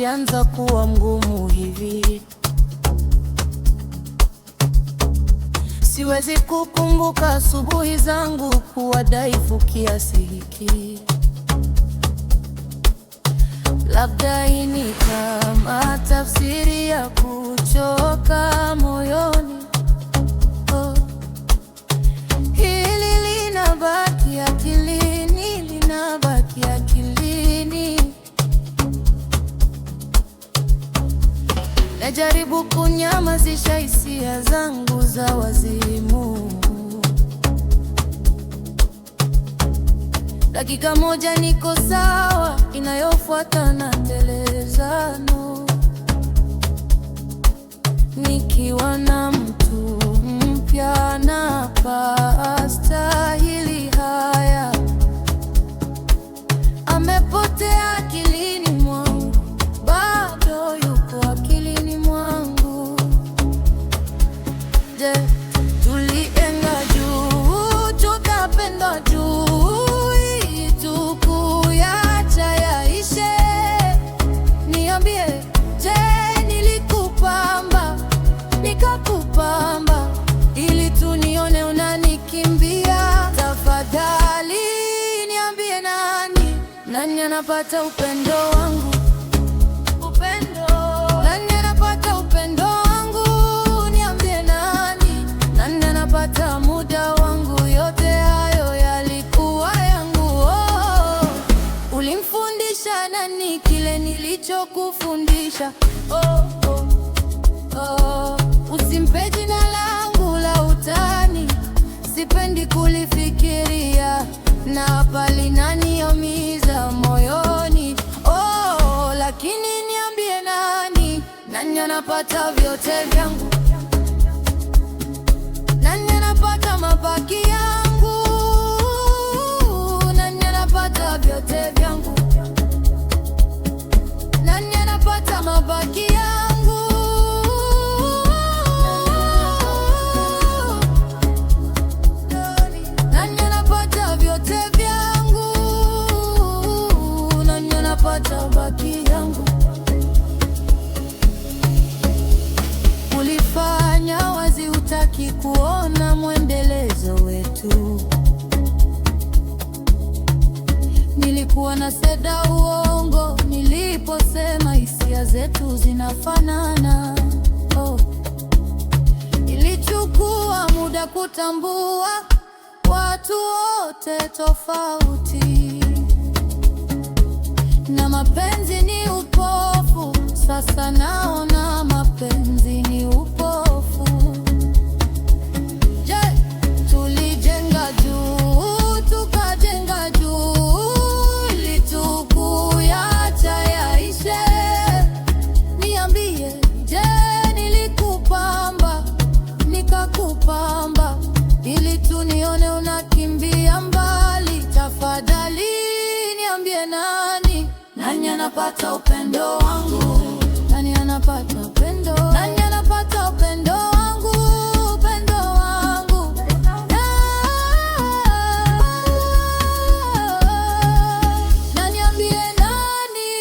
ulianza kuwa mgumu hivi? Siwezi kukumbuka asubuhi zangu kuwa dhaifu kiasi hiki. Labda ini kama tafsiri ya kuchoka moyoni. najaribu kunyamazisha hisia zangu za wazimu. Dakika moja niko sawa, inayofuata na telezano nikiwa na adui, tukuacha Niambie, je, nilikupamba nikakupamba ili unanikimbia? Tafadhali niambie, nani nani anapata upendo wangu? nilichokufundisha. Oh, oh, oh. Usimpe jina langu la utani, sipendi kulifikiria na pali naniumiza moyoni. Oh, lakini niambie nani nani anapata vyote vyangu chumba cha baki yangu. Ulifanya wazi, utaki kuona mwendelezo wetu. Nilikuwa na seda uongo niliposema hisia zetu zinafanana. Oh, ilichukua muda kutambua watu wote tofauti na mapenzi ni upofu. Sasa naona mapenzi ni upofu. Je, tulijenga juu tukajenga juu ili ya yaishe? Niambie, je, nilikupamba nikakupamba ili tunione unakimbia mbali? Tafadhali niambie na nani anapata upendo wangu? Nani anapata upendo? Nani anapata upendo wangu? Upendo wangu. Nani ambie nani?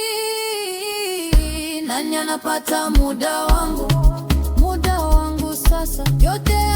Nani anapata muda wangu? Muda wangu sasa yote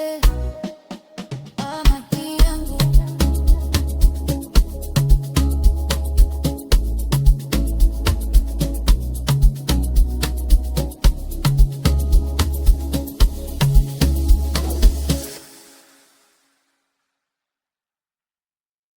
eh.